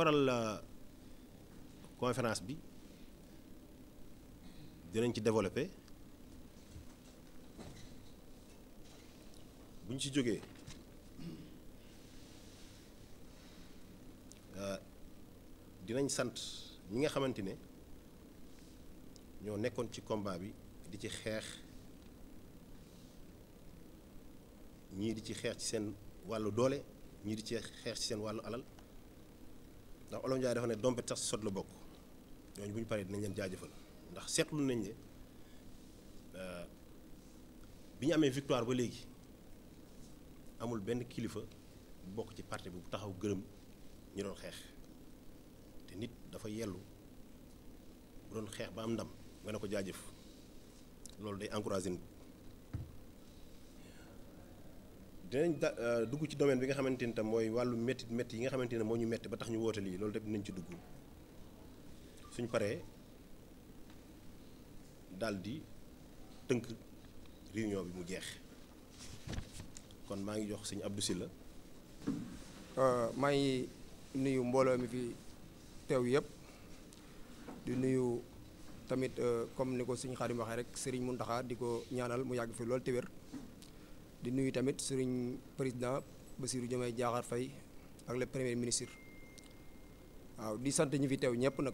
waral euh, conférence bi dinañ ci développer bu ñu ci jógee euh, dinañ sant ñi nga xamante ne ñoo nekkoon ci komba bi di ci xeex ñii di ci xeex ci seen wàllu doole ñii di ci xeex ci seen wàllu alal ndax Olof Njaay dafa ne dompet sax sot la bokk ñooñu bu ñu paree dinañ leen jaajëfal ndax seetlu nañ ne euh, bi ñu amee victoire ba léegi amul benn kilifa bu bokk ci parti bi bu taxaw gërëm ñu doon xeex te nit dafa yellu bu doon xeex ba am ndam nga ne ko jaajëf loolu day encouragé nit dinañ da euh, dugg ci domaine bi nga xamante ni tam mooy wàllu métti métti yi nga xamante ne moo ñu métti ba tax ñu woote lii loolu tamit dinañ ci dugg suñ paree daal di tënk réunion bi mu jeex kon maa ngi jox sëñ Abdou Sylla euh, maa ngi nuyu mbooloo mi fi teew yëpp di nuyu tamit euh, comme ni ko sëñ Xaadim waxee rek Sëriñ Muntaxa di ko ñaanal mu yàgg fi loolu te wér di nuyu tamit sëriñ président Bassirou Diomaye Diakhar Faye ak le premier ministre waaw di sant ñi fi teew ñëpp nag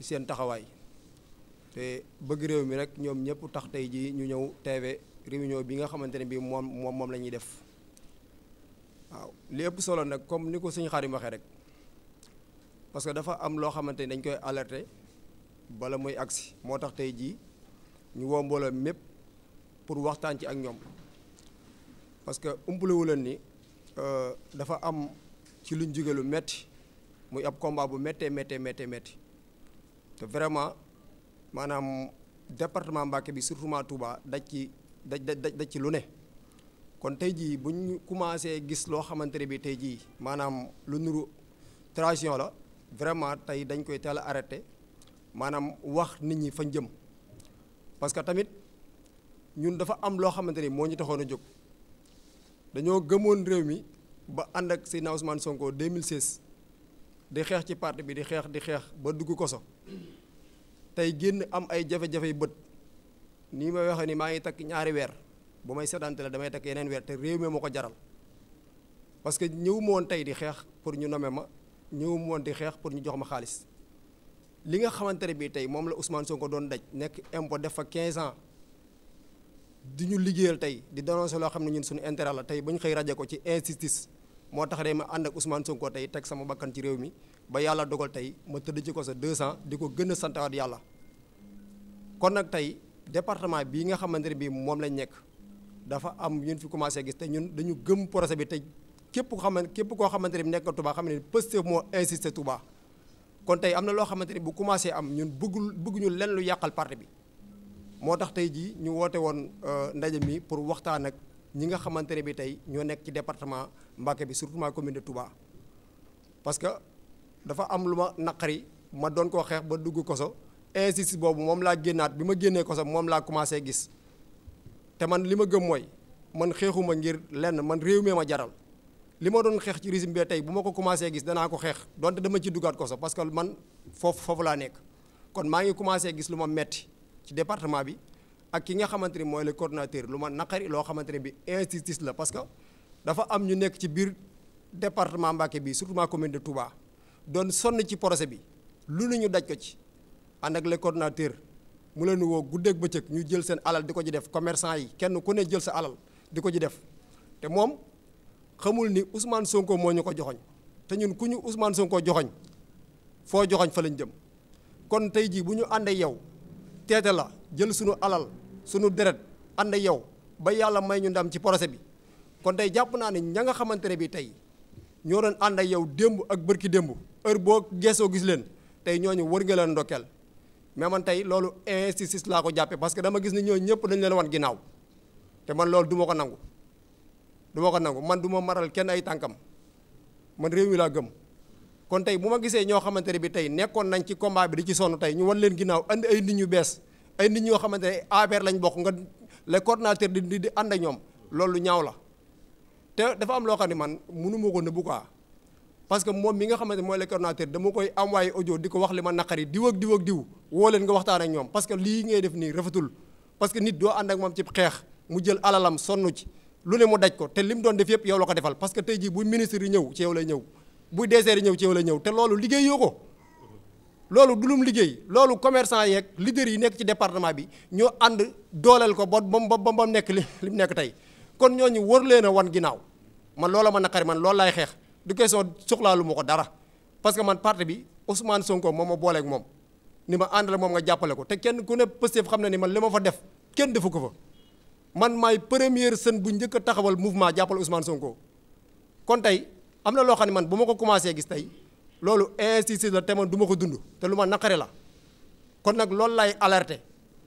ci seen taxawaay te bëgg réew mi rek ñoom ñëpp tax tey jii ñu ñëw teewe réunion bi nga xamante ne bii moom moom moom la ñuy def waaw li ëpp solo nag comme ni ko suñu xarim waxee rek parce que dafa am loo xamante ni dañ koy alerter bala muy agsi moo tax tey jii ñu woo mbooloo mépp pour waxtaan ci ak ñoom. parce que umpalewu leen ni euh, dafa am ci luñ jóge lu metti muy ab combat bu méttee méttee méttee métti te vraiment maanaam département Mbacké bi surtout ma Touba daj ci daj daj daj ci lu ne kon tey jii bu ñu commencé gis loo xamante ne bi tey jii maanaam lu nuru tradition la vraiment tey dañ koy teel a arrêté maanaam wax nit ñi fañ jëm parce que tamit ñun dafa am loo xamante ni moo ñu taxoon a jóg dañoo gëmoon réew mi ba ànd ak si na Ousmane Sonko mille 2016 di xeex ci parti bi di xeex di xeex ba dugg koso tey génn am ay jafe-jafe yu bët nii may waxee ni maa ngi takk ñaari weer bu may séddante la damay takk yeneen weer te réew mi moo ko jaral parce que ñëw ma woon tey di xeex pour ñu nome ma ñëw ma woon di xeex pour ñu jox ma xaalis li nga xamante ne bii tey moom la Ousmane Sonko doon daj nekk impo def fa 15 ans. di ñu liggéeyal tey di dénoncer loo xam ne ñun suñu intérêt la tey ba ñu xëy rajee ko ci insistis moo tax day ma ànd ak Ousmane ko tey teg sama bakkan ci réew mi ba yàlla dogal tey ma tëdd ci ko sa 200 di ko gën a santaat yàlla kon nag tey département bii nga xamante ne bii moom lañ nekk dafa am ñun fi commencé gis te ñun dañu gëm projet bi tey képp koo xam képp koo xamante ne bi nekk Touba xam ne Pastef moo insisté Touba kon tey am na loo xamante ne bu commencé am ñun bëggul bëgguñu lenn lu yàqal parti bi. moo tax tey jii ñu woote woon euh, ndaje mi pour waxtaan ak ñi nga xamante ne bi tey ñoo nekk ci département Mbacké bi surtout ma commune de Touba parce que dafa am lu ma naqari ma doon koo xeex ba dugg koso injustice boobu moom laa génnaat bi ma génnee koso moom laa commencé gis te man li ma gëm mooy man xeexuma ngir lenn man réew mee ma jaral li ma doon xeex ci régime bi tey bu ma ko commencé gis danaa ko xeex donte dama ci duggaat koso parce que man foofu foofu laa nekk kon maa ngi commencé gis lu ma metti ci département bi ak ki nga xamante ni mooy le coordonnateur lu ma naqari loo xamante ne bi injustice la parce que dafa am ñu nekk ci biir département Mbacké bi surtout ma commune de Touba doon sonn ci projet bi lu ñu daj ko ci ànd ak le coordonnateur mu leen woo guddeeg bëccëg ñu jël seen alal di ko ci def commerçant yi kenn ku ne jël sa alal di ko ci def te moom xamul ni Ousmane Sonko moo ñu ko joxoñ te ñun ku ñu Ousmane Sonko joxoñ foo joxoñ fa lañ jëm kon tey jii bu ñu àndee yow teete la jël sunu alal sunu deret ànd yow ba yàlla may ñu ndam ci projet bi kon tey jàpp naa ne ña nga xamante ne bi tey ñoo doon ànd ak yow démb ak bërki démb heure boo geesoo gis leen tey ñooñu war nga leen ndokkeel mais man tey loolu injustice laa ko jàppee parce que dama gis ni ñëpp dañ leen wan ginnaaw te man loolu duma ko nangu du ma ko nangu man du ma maral kenn ay tànkam man réew mi laa gëm kon tey bu ma gisee ñoo xamante ne bi tey nekkoon nañ ci combat bi di ci sonn tey ñu wan leen ginnaaw andi ay nit ñu bees ay nit ñoo xamante ne APR lañ bokk nga le coordonnateur di ànd ak ñoom loolu ñaaw la te dafa am loo xam ne man mënu ma ko nëbbu quoi parce moom mi nga xamante mooy le coordonnateur dama koy envoyé audio di ko wax li ma naqari diw ak diw woo leen nga waxtaan ak ñoom parce que lii ngay def nii rafetul parce que nit doo ànd ak moom ci xeex mu jël alalam sonn ci lu ne mu daj ko te lim doon def yëpp yow la ko defal parce tey jii bu ministre ñëw ci yow lay ñëw buy désert ñëw ci walla ñëw te loolu liggéey yoo ko loolu du liggéey loolu commerçant yeeg leader yi nekk ci département bi ñoo ànd dooleel ko ba ba ba ba nekk li li mu nekk tey kon ñooñu war leen a wan ginnaaw man loola ma naqari man loolu laay xeex du question soxlaalu ma ko dara parce que man parti bi Ousmane Sonko moom ma booleeg moom ni ma àndal moom nga jàppale ko te kenn ku nekk Pastef xam ne ni man li ma fa def kenn defu ko fa man maay première sën bu njëkk a taxawal mouvement jàppale Ousmane Sonko kon tey. am na loo xam ne man bu ma ko commencé gis tey loolu injustice la te man du ko dund te lu ma naqari la kon nag loolu lay alerté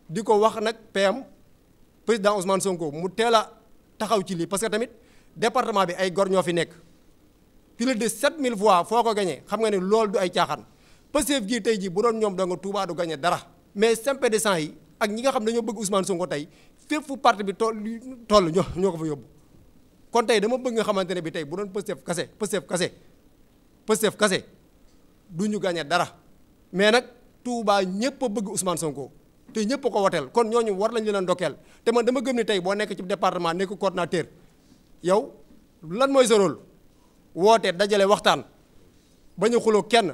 di ko wax nag PM président Ousmane Sonko mu teel a taxaw ci lii parce que tamit département bi ay gor ñoo fi nekk plus de mille fois foo ko gañee xam nga ne loolu du ay caaxaan Pastef gii tey jii bu doon ñoom danga Touba du gañe dara mais sympathisants yi ak ñi nga xam dañoo bëgg Ousmane Sonko tey fépp fu parti bi toll toll ñoo ñoo ko fa yóbbu kon tey dama bëgg nga xamante ne bi tey bu doon Pastef kase Pastef kase Pastef kase du ñu gagné dara mais nag Touba ñëpp a bëgg Ousmane Sonko te ñëpp ko woteel kon ñooñu war lañu leen ndokkeel te man dama gëm ni tey boo nekk ci département nekk coordinateur yow lan mooy sa rôle woote dajale waxtaan ba ñu xuloo kenn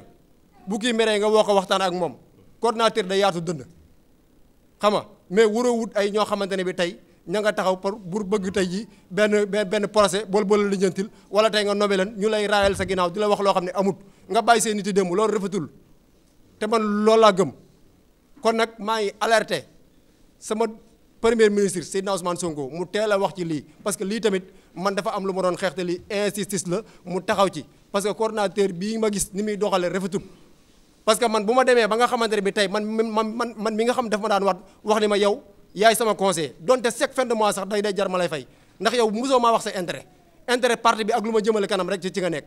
bu kii meree nga woo ko waxtaan ak moom coordinateur da yaatu dënd xam nga mais waroo wut ay ñoo xamante ne bi tey. ña nga taxaw pour pour bëgg tey ji benn benn procès bool bool la lijjantil wala tey nga nobe leen ñu lay raayal sa ginnaaw di la wax loo xam ne amut nga bàyyi seen niti démb loolu rafetul te man loolu laa gëm kon nag maa ngi alerté sama premier ministre Seydina Ousmane Sonko mu teel a wax ci lii parce que lii tamit man dafa am lu ma doon xeex te lii la mu taxaw ci parce que coordonnateur bii ma gis ni muy doxalee rafetul parce que man bu ma demee ba nga xamante ne bi tey man man man mi nga xam daf ma daan wax wax ni ma yow yaay sama conseil donte chaque fin de sax day day jar ma lay fay ndax yow mosoo maa wax sa intérêt intérêt parti bi ak lu ma jëmale kanam rek ci ci nga nekk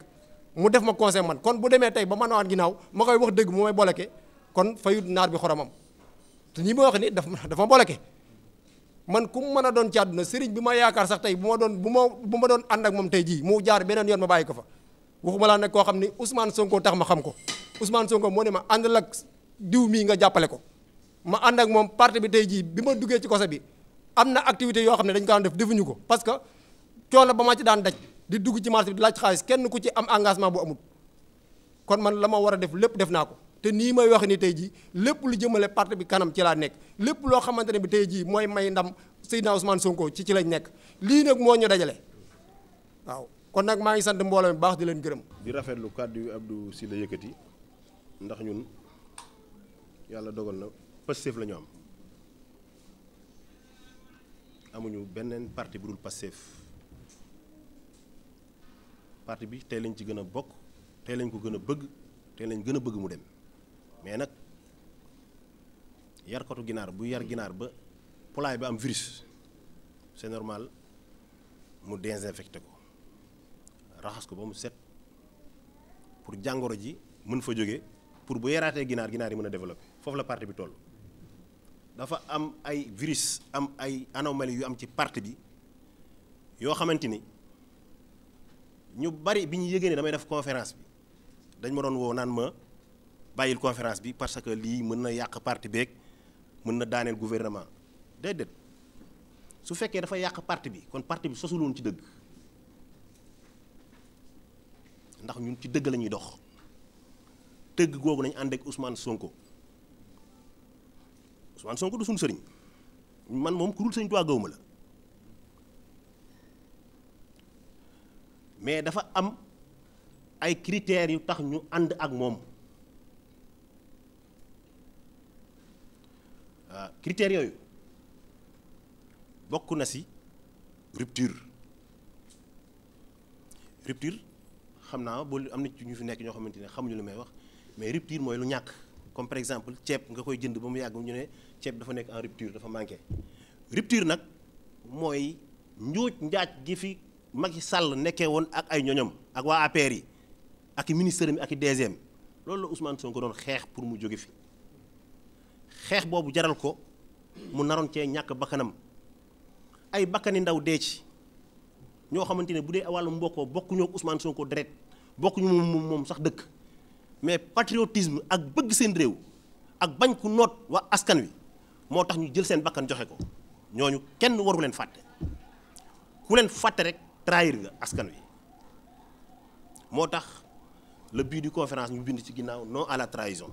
mu def ma conseil man kon bu demee tey ba ma nawaat ginnaaw ma koy wax dëgg mu may kon fayut naar bi xoromam te ñi ma wax ni daf dafa boleke man ku mu mën a doon ci àdduna sëriñ bi ma yaakaar sax tey bu ma doon bu ma bu ma doon ànd ak moom tey jii mu jaar beneen yoon ma bàyyi ko fa waxuma laa nag koo xam ni Ousmane Sonko tax ma xam ko Ousmane Sonko moo ne ma àndal ak diw mii nga jàppale ko ma ànd ak moom parti bi tey jii bi ma duggee ci kose bi am na activité yoo xam ne dañ ko def defuñu ko parce que coono ba ma ci daan daj di dugg ci marché bi di laaj xaalis kenn ku ci am engagement bu amul kon man la ma war a def lépp def naa ko te nii may wax ni tey jii lépp lu jëmale parti bi kanam ci laa nekk lépp loo xamante ne bi tey jii mooy may ndam Seydina Ousmane Sonko ci ci lañ nekk lii nag moo ñu dajale waaw kon nag maa ngi sant mbooloo mi baax di leen gërëm. di rafetlu kàddu yu Abdou Sylla yëkkati ndax ñun yàlla dogal na. Pastef la ñu am amuñu beneen parti bu dul Pastef parti bi tey lañ ci gën a bokk tey lañ ko gën a bëgg tey lañ gën a bëgg mu dem mais nag yarkatu ginaar bu yar ginaar ba poulailler bi am virus c'est normal mu désinfecté ko raxas ko ba mu set pour jàngoro ji mën fa jóge pour bu yaraatee ginaar ginaar yi mën a développé foofu la parti bi toll. dafa am ay virus am ay anomalie yu am ci parti bi yoo xamante ni ñu bari bi ñu yëgee ne damay def conférence bi dañ ma doon woo naan ma bàyyil conférence bi parce que lii mën na yàq parti beeg mën na daaneel gouvernement déedéet su fekkee dafa yàq parti bi kon parti bi sosuloon ci dëgg ndax ñun ci dëgg lañuy dox dëgg googu nañ ànd ak Ousmane Sonko. Ousmane Sonko du suñu sëriñ man moom ku dul sëriñ Tuubaa gëwuma la mais dafa am ay critères yu tax ñu ànd ak moom waaw ah, critères yooyu bokk na si rupture rupture xam naa ba am na ci ñu fi nekk ñoo xamante ne xamuñu lu may wax mais rupture mooy lu ñàkk. comme par exemple ceeb nga koy jënd ba mu yàgg ñu ne ceeb dafa nekk en rupture dafa manqué rupture nag mooy njuuj njaaj gi fi Macky sàll nekkee woon ak ay ñoñom ak waa APR yi ak i ministère mi ak i DGM loolu la usmaan Ousmane ko doon xeex pour mu jóge fi xeex boobu jaral ko mu naroon cee ñàkk bakkanam ay bakkani ndaw dee ci ñoo xamante ne bu dee wàllu mbokkoo bokkuñoo soo Sonko deret bokkuñu moom moom sax dëkk. mais patriotisme ak bëgg seen réew ak bañ ku noot waa askan wi moo tax ñu jël seen bakkan joxe ko ñooñu kenn waru leen fàtte ku leen fàtte rek trahir nga askan wi moo tax le but du conférence ñu bind ci ginnaaw non à la trahison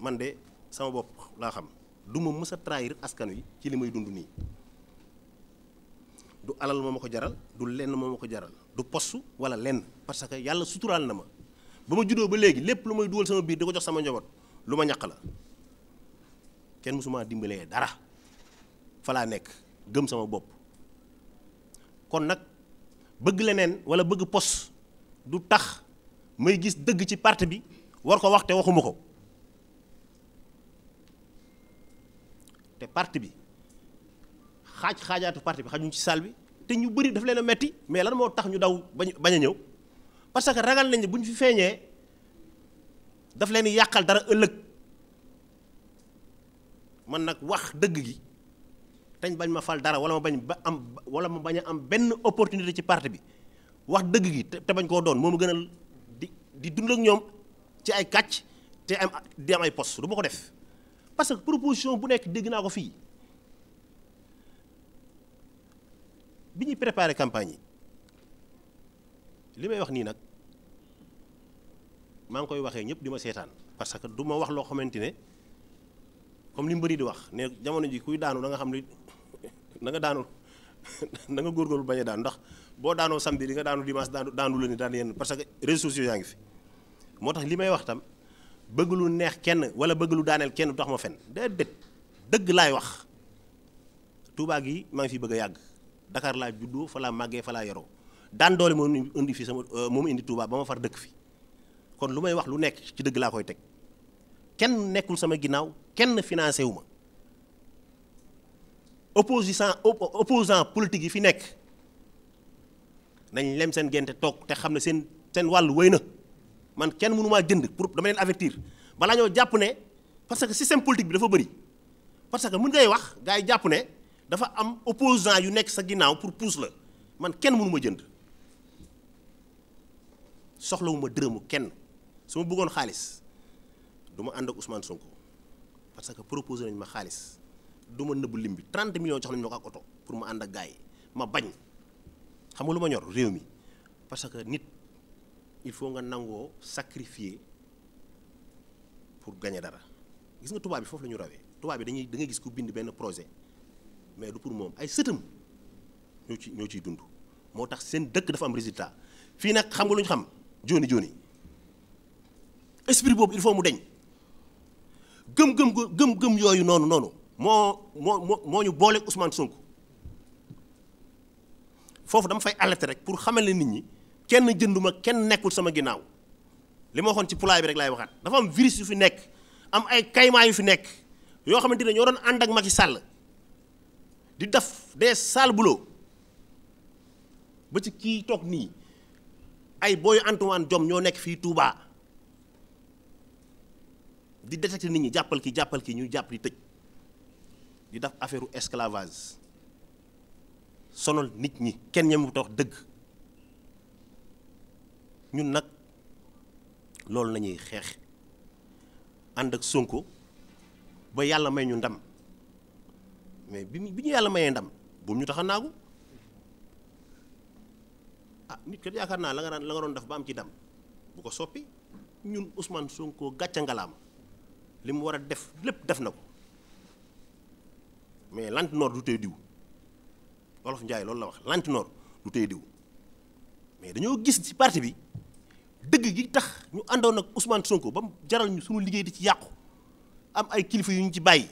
man de sama bopp laa xam du ma mës a trahir askan wi ci li may dund nii du alal moo ma ko jaral du lenn moom ma ko jaral du postu walla lenn parce que yàlla suturaal na ma ba ma juddoo ba léegi lépp lu may dugal sama biir di ko jox sama njaboot lu ma ñàq la kenn mësuma dimbalee dara falaa nekk gëm sama bopp kon nag bëgg leneen wala bëgg pos du tax may gis dëgg ci parti bi war ko wax te waxuma ko te parti bi xaaj xaajaatu parti bi xajuñ ci salle bi te ñu bëri daf leen a metti mais lan moo tax ñu daw bañ bañ a ñëw parce que ragal nañ bu ñu fi feeñee daf leen yàqal dara ëllëg man nag wax dëgg gi dañ bañ ma fal dara wala ma bañ ba am wala ma bañ a am benn opportunité ci parti bi wax dëgg gi te bañ koo doon moom mu gënal di di dund ak ñoom ci ay kàcc te am di am ay post du ma ko def parce que proposition bu nekk dégg naa ko fii bi ñuy préparer campagne yi li may wax nii nag maa ngi koy waxee ñëpp di ma seetaan parce que du ma wax loo xamante ne comme li mbëri di wax ne jamono ji kuy daanu da nga xam ne da daanu da nga góorgóorlu bañ a daanu ndax boo daanoo samedi li nga daanu dimanche daanu daanu la ni daan yenn parce que réseaux sociaux yaa ngi fi moo tax li may wax tam bëgg lu neex kenn wala bëgg lu daaneel kenn du ma fen déedéet dëgg laay wax Touba gi maa ngi fi bëgg a yàgg Dakar laa juddoo fa laa màggee fa laa yoroo daan doole moom indi fii sama euh, moom indi Touba ba ma far dëkk fi kon lu may wax lu nekk ci dëgg laa koy teg kenn nekkul sama ginnaaw kenn financé wu ma opposant opposant politique yi fi nekk nañ lem seen gente toog te xam ne seen seen wàll wéy na man kenn mënumaa jënd pour dama leen avertir balaa ñoo jàpp ne parce que système politique bi dafa bëri parce que mun ngay wax gars jàpp ne dafa am opposant yu nekk sa ginnaaw pour pouse la man kenn mënuma jënd soxlawuma dërëmu kenn su ma bëggoon xaalis du ma ànd ak Ousmane Sonko parce que proposé nañ ma xaalis du ma nëbb lim bi 30 millions jox nañ ma ko ak oto pour ma ànd ak gaay ma bañ xam nga lu ma ñor réew mi parce que nit il faut nga nangoo sacrifier pour gagner dara gis nga tubaab bi foofu la ñu rawee tubaab bi dañuy da ngay gis ku bind benn projet mais du pour moom ay sëtam ñoo ci ñoo ciy dund moo tax seen dëkk dafa am résultat fii nag xam nga lu ñu xam. jooni jooni esprit boobu il faut mu deñ gëm-gëm gëm-gëm yooyu noonu noonu moo moo moo ñu boole Ousmane Sonko foofu dama fay alerter rek pour xamal ne nit ñi kenn jënduma kenn nekkul sama ginnaaw li ma waxoon ci pulaay bi rek laay waxaat dafa am virus yu fi nekk am ay kaymaa yu fi nekk yoo xamante ne ñoo doon ànd ak Macky Sall di def des sale boulot ba ci kii toog nii. ay booy Antoine Diome ñoo nekk fii Touba di détecter nit ñi jàppal ki jàppal ki ñu jàpp di tëj di def affaire esclavage sonal nit ñi kenn ñemu tax dëgg ñun nag loolu lañuy xeex ànd ak Sonko ba yàlla may ñu ndam mais bi bi ñu yàlla mayee ndam bu ñu tax a naagu ah nit kat yaakaar naa la nga daan la nga doon def ba am ci dam bu ko soppi ñun Ousmane sonkoo gàcce ngalaam li mu war a def lépp def na ko mais lantinoor du tey diw Wolof Njaay loolu la wax lantinoor du tey diw mais dañoo gis ci parti bi dëgg gi tax ñu àndoon ak Ousmane Sonko ba mu jaral ñu sunu liggéey di ci yàqu am ay kilifa yu ñu ci bàyyi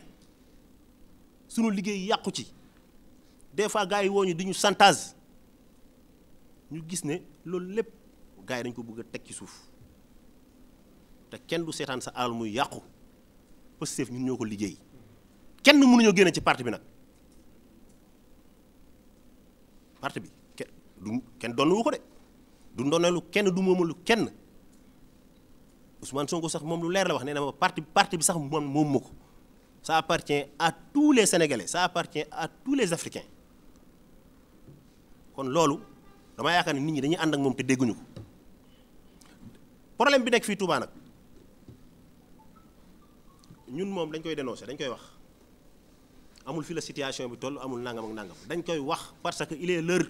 sunu liggéey yàqu ci des fois gars yi woo ñu di ñu chantage ñu gis ne loolu lépp gars yi dañ ko bugg a teg ci suuf te kenn du seetaan sa alal muy yàqu Pastef ñu ñoo ko liggéey kenn mënuñoo génne ci parti bi nag parti bi kenn du kenn donnewu ko de du ndonneelu kenn du moomalu kenn Ousmane ko sax moom lu leer la wax nee na ma parti parti bi sax moom moom ma ko ça appartient à tous les Sénégalais ça appartient à tous les Africains kon loolu dama yaakaar ne nit ñi dañuy ànd ak moom te dégguñu ko problème bi nekk fii Touba nag ñun moom dañ koy dénoncer dañ koy wax amul fii la situation bi toll amul nangam ak nangam dañ koy wax parce que il est l'heure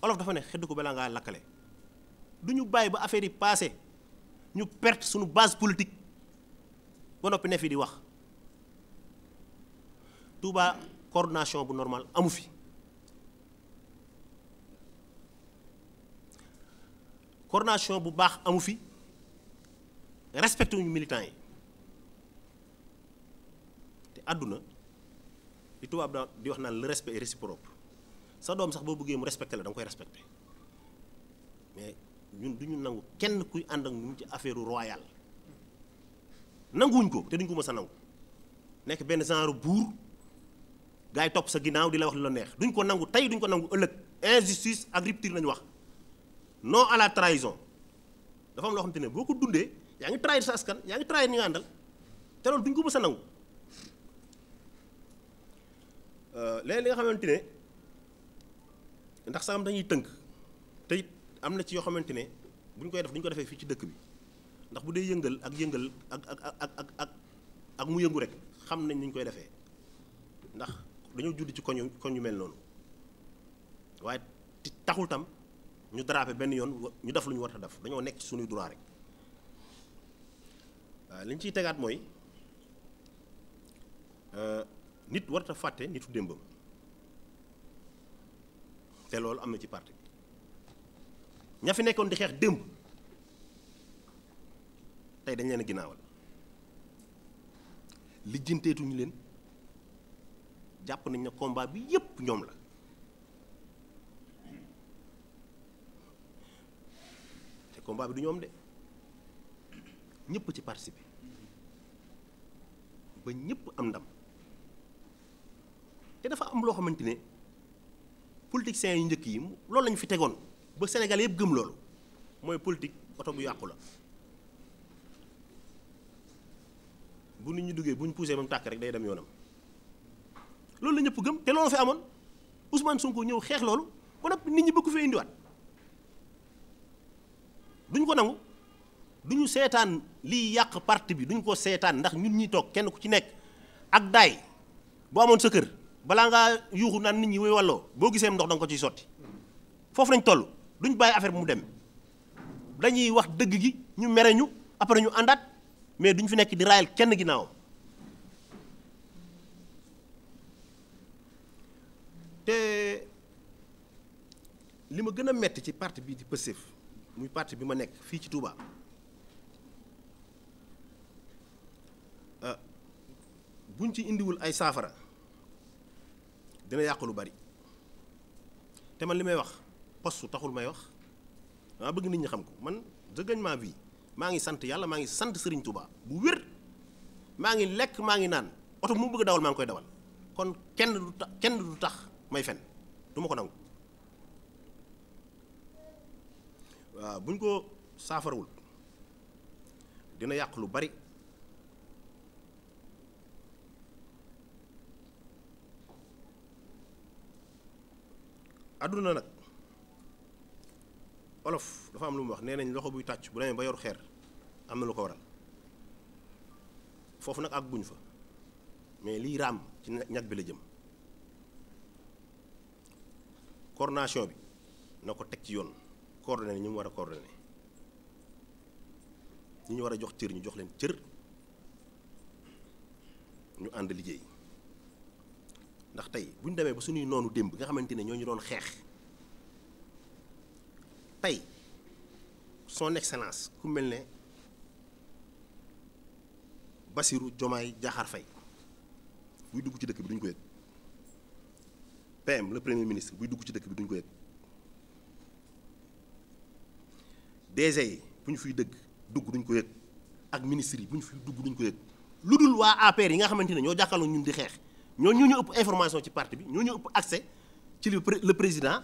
olof dafa ne xeddu ko balaa ngaa lakkale du ñu bàyyi ba affaire yi passé ñu perte suñu base politique ba noppi ne fi di wax Touba coordination bu normal amu fi. coordination bu baax amu fi respecté wuñu militants yi te àdduna li tubaab da di wax naan le respect est réciproque sa doom sax boo bëggee mu respecté la da koy respecté mais ñun duñu nangu kenn kuy ànd ak ñun ci affaire royale nanguwuñ ko te duñ ko mës a nangu nekk benn genre buur gars yi topp sa ginnaaw di la wax lu la neex duñ ko nangu tey duñ ko nangu ëllëg injustice ak rupture lañu wax non à la trahison dafa am loo xam ne boo ko dundee yaa ngi trahir sa askan yaa ngi trahir ñi nga àndal te loolu duñ ko mës a nangu euh, léegi li nga xamante ne ndax saxam dañuy tënk te am na ci yoo xamante ne buñ koy def duñ ko defee fii ci dëkk bi ndax bu dee yëngal ak yëngal ak ak ak ak mu yëngu rek xam nañ ni ñu koy defee ndax dañoo judd ci koñ koñ yu mel noonu waaye taxul tam. ñu dérapé benn yoon ñu def lu ñu war a def dañoo nekk ci suñuy droit rek waaw li ñu ciy tegaat mooy euh, nit war fàtte nitu démbam te loolu am na ci parti ña fi nekkoon di xeex démb tey dañ leen a ginnaawal lijjanteetuñu leen jàpp nañ ne combat bi yépp ñoom la combat bi du ñoom de ñëpp ci participer ba ñëpp am ndam te dafa am loo xamante ne politiciens yu njëkk yi loolu lañu fi tegoon ba Sénégal yëpp gëm loolu mooy politique oto bu yàqu la bu nit ñu duggee buñ ñu poussé mu tàkk rek day dem yoonam loolu la ñëpp gëm te loolu fi amoon Ousmane Sonko ñëw xeex loolu kon nag nit ñi bëgg fee indiwaat. duñ ko nangu duñu seetaan liy yàq parti bi duñ ko seetaan ndax ñun ñuy toog kenn ku ci nekk ak daay boo amoon sa kër balaa ngaa yuuxu naan nit ñi way walloo boo gisee ndox danga ko ciy sotti foofu lañ toll duñ bàyyi affaire bi mu dem dañuy wax dëgg gi ñu mere ñu après ñu àndaat mais duñ fi nekk di raayal kenn ginnaaw te li ma gën a metti ci parti bii di Pastef muy parti bi ma nekk fii ci Touba euh, buñ ci indiwul ay saafara dina yàq lu bari te man li may wax postu taxul may wax dama bëgg nit ñi xam ko man je gagne ma maa ngi sant yàlla maa ngi sant Serigne Touba bu wér maa ngi lekk maa ngi naan oto mu bëgg dawal maa ngi koy dawal kon kenn du tax kenn du tax may fen du ma ko nangu. waaw euh, bu ñu ko saafarawul dina yàq lu bari àdduna nag olof dafa am lu mu wax nee nañ loxo buy tàcc bu demee ba yoru xeer am na lu ko waral foofu nag àgguñ fa mais lii raam ci ñag bi la jëm coordination bi na ko teg ci yoon coordonné ñu mu war a coordonné ñi ñu war a jox cër ñu jox leen cër ñu ànd liggéey ndax tey buñ demee ba suñuy noonu démb nga xamante ne ñoo ñu doon xeex tey son excellence ku mel ne Bassirou Diomaye Diakhar Faye buy dugg ci dëkk bi duñ ko yëg PM la premier ministre buy dugg ci dëkk bi duñ ko yëg. DG yi bu ñu fiy dëgg dugg duñ ko yëg ak ministre yi bu ñu dugg duñ ko yëg lu dul waa APR yi nga xamante ne ñoo jàkkaarloo ñun di xeex ñoo ñu ëpp information ci parti bi ñoo ñu ëpp accès ci le président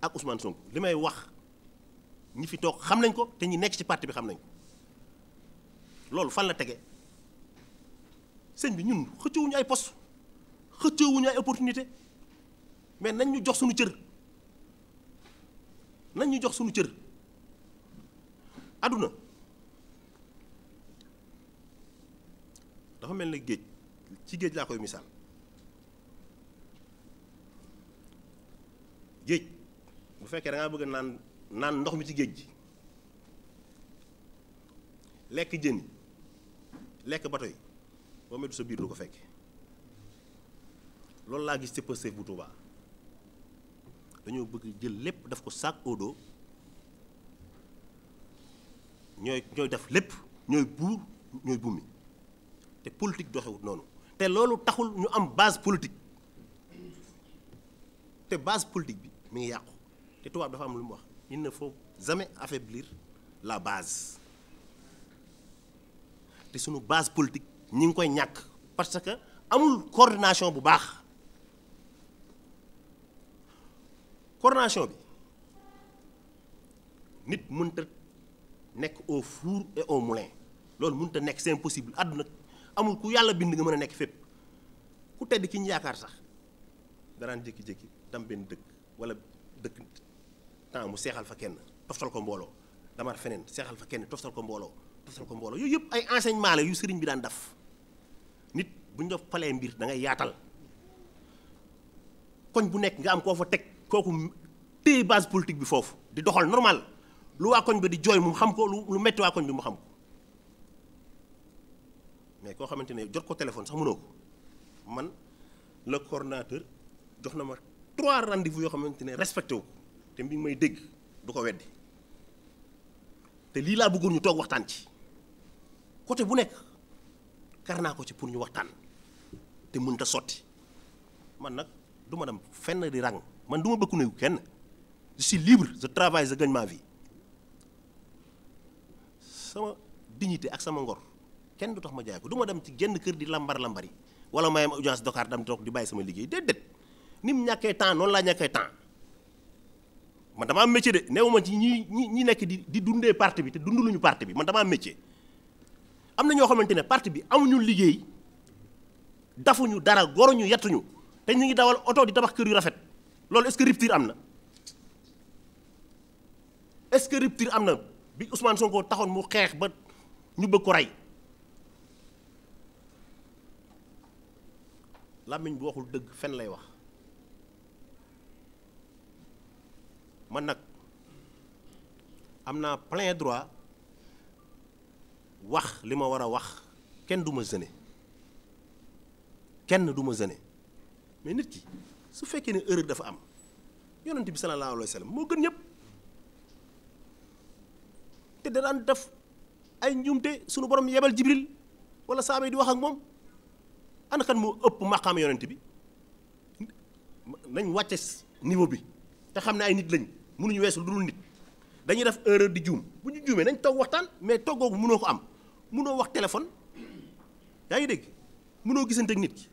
ak Ousmane Sonko li may wax ñi fi toog xam nañ ko te ñi nekk ci parti bi xam nañ ko loolu fan la tege sëñ bi ñun xëccoowuñu ay poste xëccoowuñu ay opportunité mais nañ ñu jox suñu cër nañ ñu jox sunu cër àdduna dafa mel ne géej ci géej laa koy misaal géej bu fekkee da ngaa bëgg naan naan ndox mi ci géej gi lekk jën yi lekk bato yi boo metu sa biir du ko fekke loolu laa gis ci Pastef bu Tuubaa dañoo bëgg jël lépp daf ko sac au ñooy ñooy def lépp ñooy buur ñooy bumi te politique doxewut noonu te loolu taxul ñu am baas politik te base politique bi mi ngi yàqu te tubaab dafa am lu mu wax il ne faut jamais affaiblir la base te suñu base politique ñi ngi koy ñàkk parce que amul coordination bu baax coordination bi nit mënta nekk au four et au moulin loolu mënut a nekk c'est impossible àdduna amul ku yàlla bind nga mën a nekk fépp ku tedd ki ñu yaakaar sax danaan jékki-jékki tam benn dëkk wala dëkk temps mu seexal fa kenn toftal ko mbooloo damar feneen seexal fa kenn toftal ko mbooloo toftal ko mbooloo yooyu yëpp ay enseignement la yu sëriñ bi daan daf nit bu ñu la mbir da ngay yaatal koñ bu nekk nga am koo fa teg kooku téye base politique bi foofu di doxal normal lu waa koñ bi di jooy mu xam ko lu metti waa koñ bi mu xam ko mais koo xamante ne jot ko téléphone sax mënoo ko man le coordonnateur jox na ma trois rendez yoo xamante ne respecté wu ko te mi may dégg du ko weddi te lii laa bëggoon ñu toog waxtaan ci côté bu nekk kar naa ko ci pour ñu waxtaan te mën ta sotti man nag du ma dem fenn di ràng man du ma bëgg kenn si suis libre je travaille je gagne vie sama dignité ak sama ngor kenn du tax ma jaay ko du ma dem ci genn kër di lambar lambari wala ma yem audience Dakar dam toog di bàyyi sama liggéey déedéet ni mu ñàkkee temps noonu laa ñàkkee temps man dama am métier de néew ma ci ñi ñi nekk di di dundee parti bi te dunduluñu parti bi man dama am am na ñoo xamante ne parti bi amuñu liggéey dafuñu dara goruñu yettuñu te ñu ngi dawal oto di tabax kër yu rafet loolu est-ce que rupture am na est-ce que rupture am na. bi Ousmane sonkoo taxoon mu xeex ba ñu bëgg ko rey làmmiñ bu waxul dëgg fen lay wax man nag am naa plein droit wax li ma war a wax kenn du ma gêné kenn du ma gêné mais nit ki su fekkee ne erreur dafa am yonent bi sallallahu alayhi wa sallam moo gën ñëpp. te danaa daan def ay njuumte sunu borom yebal jibril wala saaba di wax ak moom ana kan ëpp maqaam yonent bi nañ wàcce niveau bi te xam ne ay nit lañ mënuñu weesu lu dul nit dañuy def erreur di juum bu ñu juumee nañ toog waxtaan mais toggoogu mënoo ko am mënoo wax téléphone yaa ngi dégg mënoo gisante ak nit ki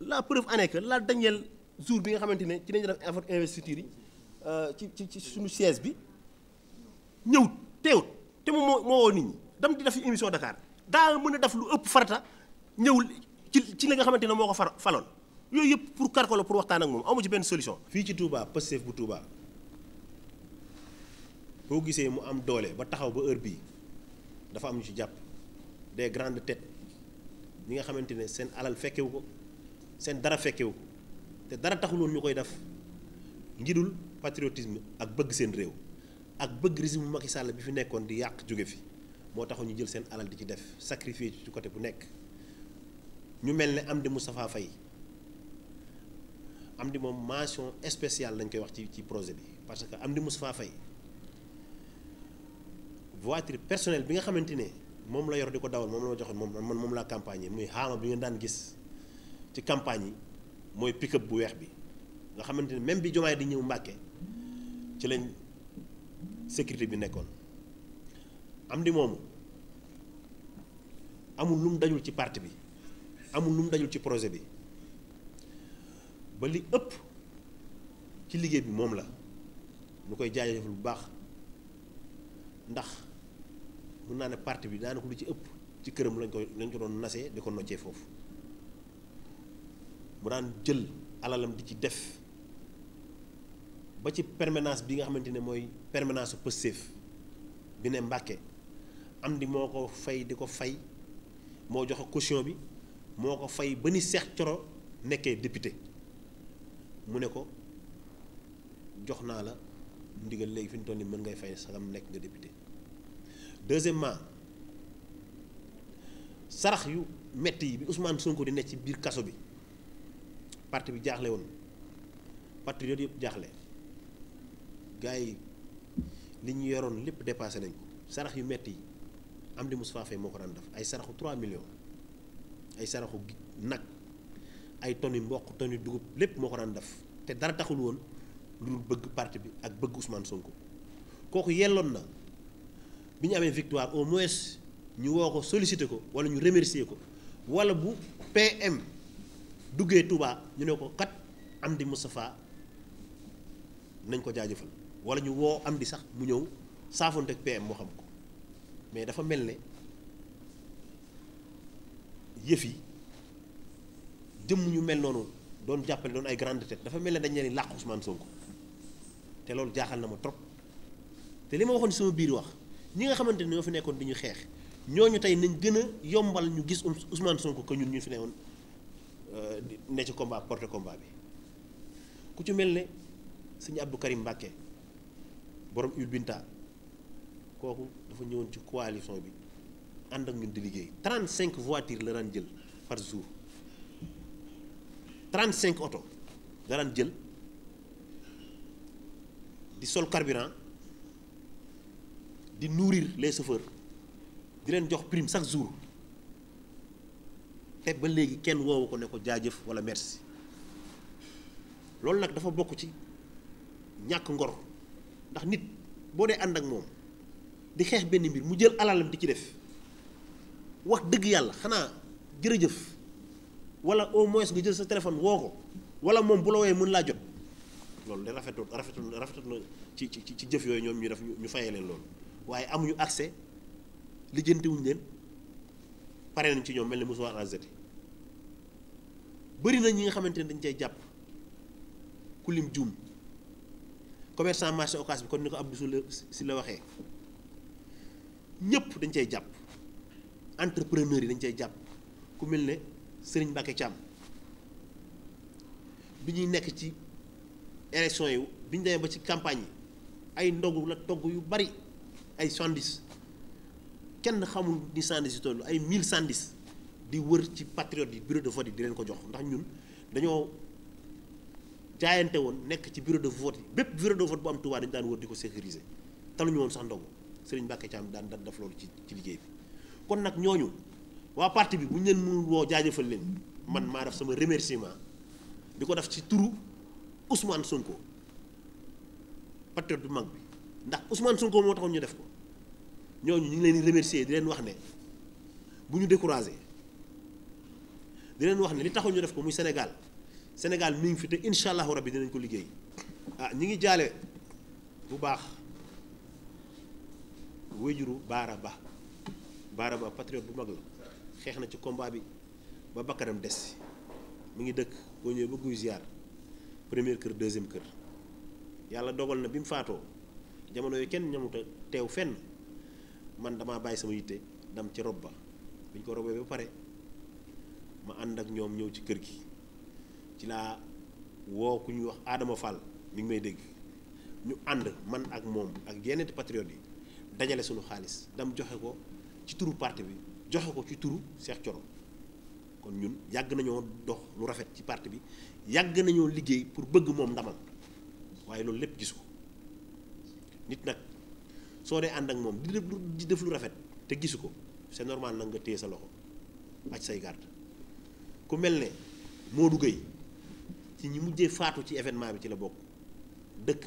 la preuve en est que la dernier jour bi nga xamante ne ci dañ lañu def investiture yi euh, ci ci ci suñu chaise bi ñëwut teewut te moom moo moo woo nit ñi dam di def émission Dakar daa mën a def lu ëpp farata ñëwul ci ci li nga xamante ne moo ko far faloon yooyu yëpp pour kàr ko la pour waxtaan ak moom amu ci benn solution. fii ci Touba Pastef bu Touba boo gisee mu am doole ba taxaw ba heure bii dafa am ñu ci jàpp des grande têtes ñi nga xamante ne seen alal fekkewu ko seen dara fekkewu ko te dara taxuloon ñu koy def ngirul patriotisme ak bëgg seen réew. ak bëgg régime Macky Sall bi fi nekkoon di yàq jóge fi moo taxu ñu jël seen alal di ci def sacrifier ci côté bu nekk ñu mel ne safaa fay am di moom mention spéciale lañ koy wax ci ci projet bi parce que am di Amdi safaa fay voiture personnelle bi nga xamante ne moom la yor di ko dawal moom la ma joxoon moom man moom laa campagne muy xaama bi ngeen daan gis ci campagne yi mooy pick-up bu weex bi nga xamante ne même bi Diomaye di ñëw Mbàkke ci lañ sécurité bi nekkoon am di moomu amul lu mu dajul ci parti bi amul lu mu dajul ci projet bi ba li ëpp ci liggéey bi moom la ñu koy jaajëfal bu baax ndax mun naa ne parti bi daanaka lu ci ëpp ci këram lañ koy lañ ko doon nasee di ko noccee foofu mu daan jël alalam di ci def ba ci permanence bi nga xamante ne mooy permanence Pastef bi ne Mbàkke am di moo ko fay di ko fay moo jox caution bi moo ko fay ba ni Seex Coro nekkee député mu ne ko jox naa la ndigal léegi fi mu toll nii mën ngay fay sagam nekk nga député deuxièmement sarax yu metti yi bi Ousmane Sonko di nekk ci biir kaso bi parti bi jaaxle woon patriote yëpp jaaxle gars li ñu yoroon lépp dépassé nañ ko sarax yu metti yi am di Moustapha Faye moo ko daan def ay saraxu 3 millions ay saraxu nag ay tonni mboq tonni dugub lépp moo ko daan def te dara taxul woon lu bëgg parti bi ak bëgg Ousmane ko kooku yelloon na bi ñu amee victoire au moins ñu woo ko sollicité ko wala ñu remercier ko wala bu PM duggee tubaab ñu ne ko kat am di Moustapha nañ ko jaajëfal. wala ñu woo am di sax mu ñëw saafoonte ak PM moo xam ko mais dafa mel ne yëf yi jëm ñu mel noonu doon jàppale doon ay grande tête dafa mel ne dañ leen làq Ousmane Sonko te loolu jaaxal na ma trop te li ma waxoon sama biir wax ñi nga xamante ni ñoo fi nekkoon di ñu xeex ñooñu tey nañ gën a yombal ñu gis Ousmane Sonko que ñun ñu fi newoon euh, ne ci combat porte combat bi ku ci mel ne sëñ Abdou Karim Mbacké borom Ule kooku dafa ñëwoon ci coalition bi ànd ak ñun di liggéey 35 voitures la daan jël par jour 35 oto la daan jël di sol carburant di nourrir les chauffeurs di leen jox prime chaque jour te ba léegi kenn woowu ko ne ko jaajëf walla merci loolu nag dafa bokk ci ñàkk ngor. ndax nit boo dee ànd ak moom di xeex benn mbir mu jël alalam di ci def wax dëgg yàlla xanaa jërëjëf wala au moins nga jël sa téléphone woo ko wala moom bu la wooyee mën laa jot loolu de rafetul rafetul rafetul na ci ci ci jëf yooyu ñoom ñu def ñu fayee leen loolu waaye amuñu accès lijjantiwuñ leen pare nañ ci ñoom mel ni mosu waa ANACIM bëri na ñi nga xamante ne dañ cay jàpp ku lim juum. commerçant marché occas bi kon ni ko Abdou Sow si la waxee ñëpp dañ cay jàpp entrepreneur yi dañ cay jàpp ku mel seriñ Serigne Mbacké Thiam bi ñuy nekk ci élection yi bi ñu ba ci campagne yi ay ndogu la togg yu bari ay sandis kenn xamul ni sandis yu toll ay mille sandis di wër ci patriote yi bureau de vote yi di leen ko jox ndax ñun dañoo jaayante woon nekk ci bureau de vote yi bépp bureau de vote bu am Touba dañu daan wër di ko sécuriser ñu woon sax ndogu Serigne Mbacké Thiam daan daan def loolu ci liggéey bi kon nag ñooñu waa parti bi bu ñu leen mënul woo jaajëfal leen man maa sama remerciement di ko def ci turu Ousmane Sonko patriote bu mag bi ndax Ousmane Sonko moo taxoon ñu def ko ñooñu ñu ngi leen di remercier di leen wax ne bu ñu découragé di leen wax ne li taxul ñu def ko muy Sénégal. Sénégal mi ngi fi te incha allahu rabbi dinañ ko liggéey ah ñi ngi jaale bu baax wéjuru baara baaraba baara ba bu mag la xeex na ci combat bi ba bakkanam des mi ngi dëkk boo ñëwee ba guy ziar premier kër deuxième kër yàlla dogal na bi mu faatoo jamono yooyu kenn ñamuta teew fenn man dama bàyyi sama yitte dam ci rob ba bi ñu ko robee ba pare ma ànd ak ñoom ñëw ci kër gi ci laa woo ku ñuy wax aadama Fall mi ngi may dégg ñu ànd man ak moom ak yeneen patriotes yi dajale suñu xaalis dam joxe ko ci turu parti bi joxe ko ci turu Cheikh Thioro kon ñun yàgg nañoo dox lu rafet ci parti bi yàgg nañoo liggéey pour bëgg moom ndamam waaye loolu lépp gis ko nit nag soo dee ànd ak moom di def lu di def lu rafet te gisu ko c'est normal nag nga téye sa loxo aj say garde ku mel ne moo Gueye ci ñi mujjee faatu ci événement bi ci la bokk dëkk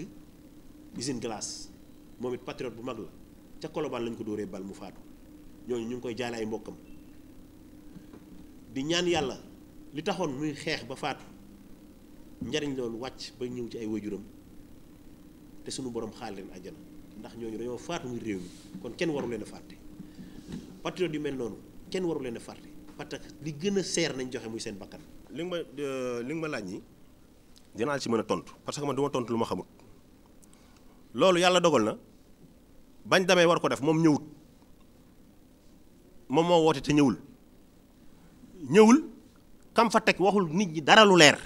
usine glace moom it patriote bu mag la ca Colobane lañ ko dóoree bal mu faatu ñooñu ñu ngi koy jaale ay mbokkam di ñaan yàlla li taxoon muy xeex ba faatu njariñ loolu wàcc ba ñëw ci ay juróom te sunu borom xaal leen àjjana ndax ñooñu dañoo faatu muy réew mi kon kenn waru leen a fàtte patriote yu mel noonu kenn waru leen a fàtte parce que li gën a seer nañ joxe muy seen bakkan li nga euh, li nga ma ñi dinaa ci mën a tontu parce que man du ma tontu lu ma xamut loolu yàlla dogal na bañ demee war ko def moom ñëwut moom moo woote te ñëwul ñëwul kam fa teg waxul nit ñi dara lu leer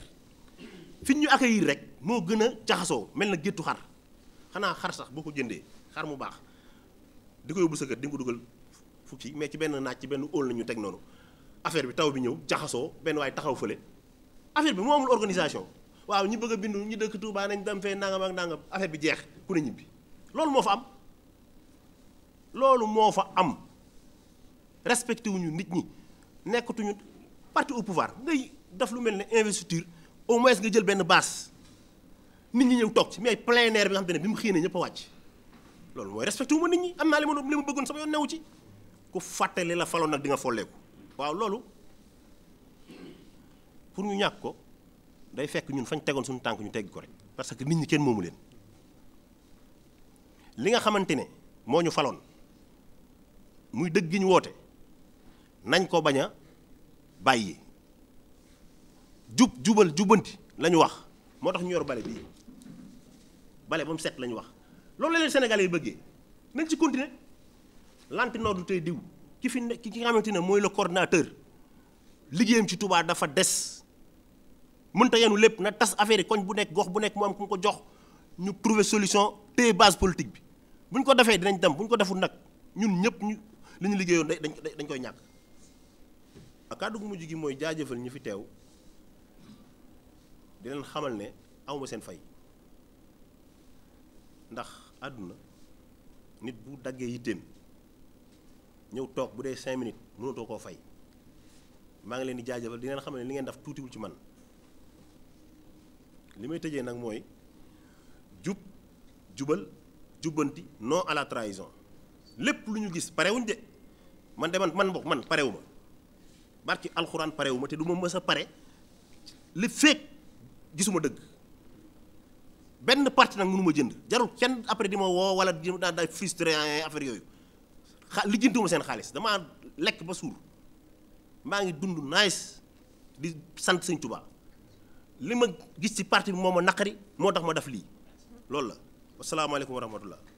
fi ñu accueillir rek moo gën a jaxasoo mel na géttu xar xanaa xar sax boo ko jëndee xar mu baax di ko yóbbu sa kër di nga ko dugal fukki mais ci benn naaj ci benn óol la ñu teg noonu affaire bi taw bi ñëw jaxasoo benn waaye taxaw fële affaire bi moo amul organisation waaw ñi bëgg a bindu ñi dëkk Touba nañ dem fee nangam ak nangam affaire bi jeex ku ne ñibbi loolu moo fa am loolu moo fa am respecté wuñu nit ñi nekkatuñu parti au pouvoir ngay def lu mel ni investiture au moins nga jël benn baas nit ñi ñëw toog ci mais plein air bi nga xam ne mu xiinee ñëpp a wàcc loolu mooy respecté wu ma nit ñi am naa li ma li ma bëggoon sama yoon newu ci ku fàttali la faloon nag di nga folleeku waaw loolu pour ñu ñàkk ko. day fekk ñun fañ tegoon suñu tànk ñu tegg ko rek parce que nit ñi kenn moomu leen li nga xamante ne moo ñu faloon muy dëgg gi ñu woote nañ ko bañ a bàyyi jub jubal jubanti la wax moo tax ñu yor bale bii bale ba mu set la wax loolu la leen Sénégalais yi bëggee nañ ci continuer lantinoor du tey diw ki fi ki nga xamante ne mooy la coordinateur liggéeyam ci Touba dafa des mënta yenu lépp na tas affaire yi koñ bu nekk gox bu nekk mu am ku mu ko jox ñu trouver solution téye base politique bi bu ñu ko defee dinañ dem bu ñu ko deful nag ñun ñëpp ñu li ñu liggéeyoon dañ dañ koy ñàkk. ak kàddu gu mujj gi mooy jaajëfal ñu fi teew di leen xamal ne amuma seen fay ndax àdduna nit bu daggee yitteem ñëw toog bu dee cinq minutes mënatoo koo fay maa ngi leen di jaajëfal di xamal ne li ngeen def tuutiwul ci man. li may tëjee nag mooy jub jubal jubbanti non à la trahison lépp lu ñu gis parewuñ de man de man man mbokk man parewu ma barki alxuraan parewu ma te du ma mës a pare li feek gisuma dëgg benn parti nag mënu ma jënd jarul kenn après di ma woo wala di ma daal frustré affaire yooyu xa lijjantuma seen xaalis damaa lekk ba suur maa ngi dund nice di sant sëñ Tuubaa li ma gis ci parti bi moo ma naqari moo tax ma def lii loolu la wasalaamaaleykum wa rahmatullah